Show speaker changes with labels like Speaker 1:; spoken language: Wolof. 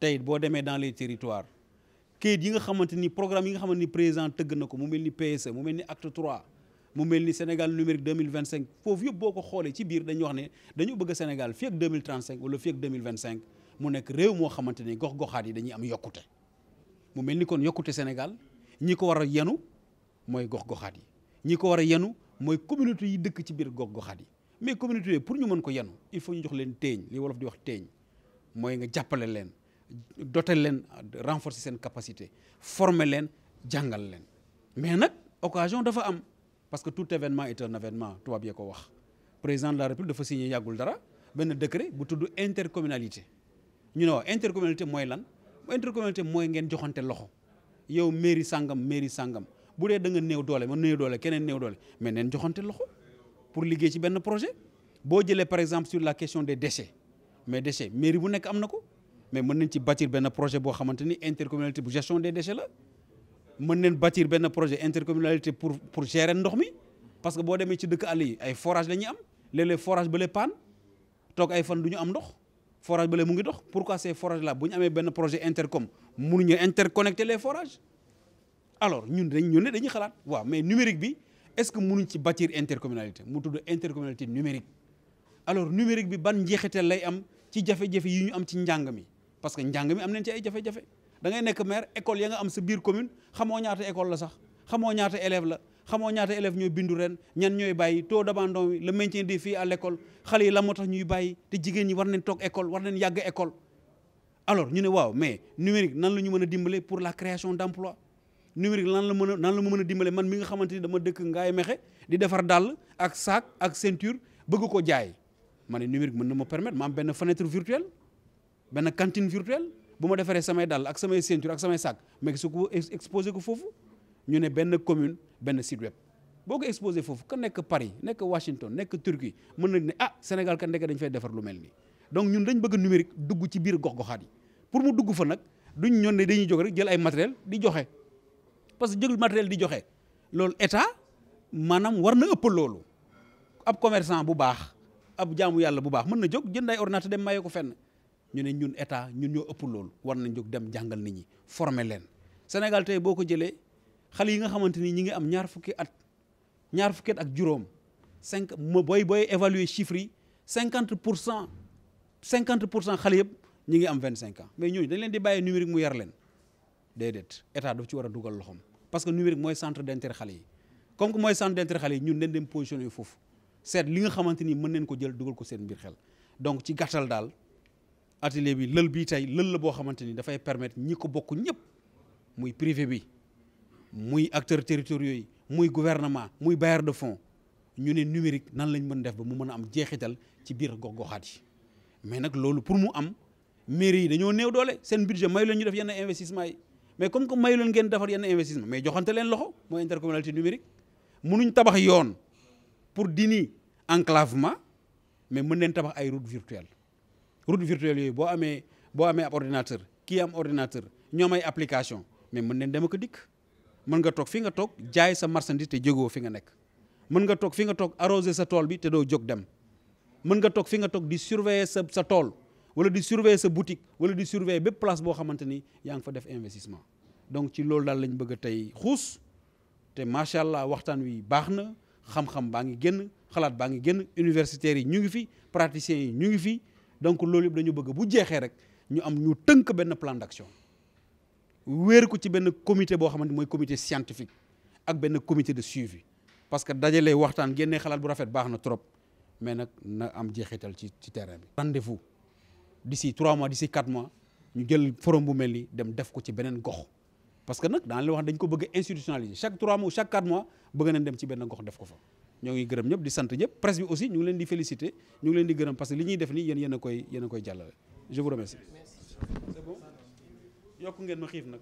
Speaker 1: tey boo demee dans les territoires kayit yi nga xamante ni programme yi nga xamante ni président tëgg na ko mu mel ni PSE mu mel ni acte 3 mu mel ni Sénégal numérique 2025 foofu yëpp boo ko xoolee ci biir dañuy wax ne dañu bëgg Sénégal fii ak 2035 wala fii ak 2025 mu nekk réew moo xamante ni gox-goxaat yi dañuy am yokkute mu mel ni kon yokkute Sénégal ñi ko war a yenu mooy gox-goxaat yi ñi ko war a yenu mooy communauté yi dëkk ci biir gox-goxaat yi mais communauté pour ñu mën ko yenu il faut ñu jox leen téeñ li wolof di wax mooy nga jàppale leen doter leen renforcer seen capacité former leen jàngal leen mais nag occasion dafa am parce que tout événement est un événement tubaab yee ko wax président de la république dafa signé yàggul dara benn décret bu tudd intercommunalité ñu ne waaw intercommunalité mooy lan intercommunalité mooy ngeen joxante loxo yow mairie sangam mairie sangam bu dee da nga néew doole ma néew doole keneen néew doole mais neen joxante loxo pour liggéey ci benn projet boo jëlee par exemple sur la question des déchets mais déchets mairie bu nekk am na ko mais mën nañ ci bâtir benn projet boo xamante ni intercommunalité bu gestion des déchets la mën neen bâtir benn projet intercommunalité pour pour gérer ndox mi parce que boo demee ci dëkk àll yi ay forage la ñuy am léeg forage ba lee paan toog ay fan du ñu am ndox forage ba lee mu ngi dox pour ces forages là bu ñu amee benn projet intercom mënuñu interconnecter les forages alors ñun dañ ñun ne dañuy xalaat waaw mais numérique bi est-ce que mënuñ ci bâtir intercommunalité mu tudd intercommunalité numérique alors numérique bi ban njeexital lay am ci jafe-jafe yi ñu am ci njàng mi parce que njàng mi am nañ ci ay jafe-jafe da ngay nekk maire école ya nga am sa biir commune xamoo ñaata école la sax xamoo ñaata élève la xamoo ñaata élève ñooy bindu ren ñan ñooy bàyyi taux d'abandon bi le maintien des filles à xale yi la moo tax ñuy bàyyi te jigéen ñi war nañ toog école war nañ yàgg école alors ñu ne waaw mais numérique nan la ñu mën a dimbale pour la création d'emploi numérique nan la mën a nan la ma mën a dimbale man mi nga xamante ni dama dëkk ngaay mexe di defar dàll ak sac ak ceinture bëgg ko jaay ma ne numérique mën na ma permettre ma am benn cantine virtuelle bu ma defaree samay dàll ak samay ceinture ak samay sac mais su ko exposé ko foofu ñu ne benn commune benn site web boo ko exposé foofu ka nekk Paris nekk Washington nekk Turquie mën nañ ne ah Sénégal ka nekk dañ fay defar lu mel nii donc ñun dañ bëgg numérique dugg ci biir gox-goxaat yi pour mu dugg fa nag du duñ ñoon ne dañuy jóg rek jël ay matériel di joxe parce que jël matériel di joxe loolu état maanaam war na ëpp loolu ab commerçant bu baax ab jaamu yàlla bu baax mën na jóg jënd ay ordinateur dem maye ko fenn ñu ne ñun état ñun ñoo ëpp loolu war nañ jóg dem jàngal nit ñi former leen Sénégal tey boo ko jëlee xale yi nga xamante ni ñi ngi am ñaar fukki at ñaar fukki at ak juróom cinq mo booy booy évaluer chiffres yi cinquante pour cent cinquante pour cent xale yëpp ñi ngi am vingt cinq ans mais ñooñu dañ leen di bàyyi numérique mu yar leen déedéet état daf ci war a dugal loxoom parce que numérique mooy centre d'intérêt xale yi comme que mooy centre d'intérêt xale yi ñun dañ dem positionné foofu seet li nga xamante ni mën nañ ko jël dugal ko seen mbir xel donc ci gàttal daal atelier bi lël bii tey lël la boo xamante ni dafay permettre ñi ko bokk ñëpp muy privé bi muy acteurs territoriaux yi muy gouvernement muy bailleur de fonds ñu ne numérique nan lañ mën def ba mu mën a am jeexital ci biir gox-goxaat yi mais nag loolu pour mu am mairie yi dañoo new doole seen budget mayu leen ñu def yenn investissement yi mais comme que mayu leen ngeen defar yenn investissement mais joxante leen loxo mooy intercommunalité numérique mënuñ tabax yoon pour dini enclavement mais mën leen tabax ay route virtuelle yooyu boo amee boo amee ab ordinateur kii am ordinateur ñoom ay application mais mën nañ dem ak dikk mën nga toog fii nga toog jaay sa marchandise te jógoo fi nga nekk mën nga toog fi nga toog arroser sa tool bi te doo jóg dem mën nga toog fi nga toog di surveiller sa sa tool wala di surveiller sa boutique wala di surveiller bépp place boo xamante ni yaa ngi fa def investissement donc ci loolu daal lañ bëgg tey xuus te macha allah waxtaan wi baax na xam baa ngi génn xalaat baa ngi génn universitaires yi ñu ngi fi praticiens yi ñu ngi fi donc loolu yëpp dañu bëgg bu jeexee rek ñu am ñu tënk benn plan d'action wéer ko ci benn comité boo xamante mooy comité scientifique ak benn comité de suivi parce que dajale waxtaan génnee xalaat bu rafet baax na trop mais nag na am jeexital ci ci terrain bi. rendez-vous d'ici trois mois d'ici quatre mois ñu jël forum bu mel ni dem def ko ci beneen gox parce que nag daan la wax dañ ko bëgg a institutionnaliser chaque trois mois chaque quatre mois bëgg nañ dem ci benn gox def ko fa. ñoo ngi gërëm ñëpp di sant ñëpp presse bi aussi ñu ngi leen di féliciter ñu ngi leen di gërëm parce que li ñuy def nii yéen yéen koy yéen koy jàllale je vous remercie. yokk ngeen ma xiif nag.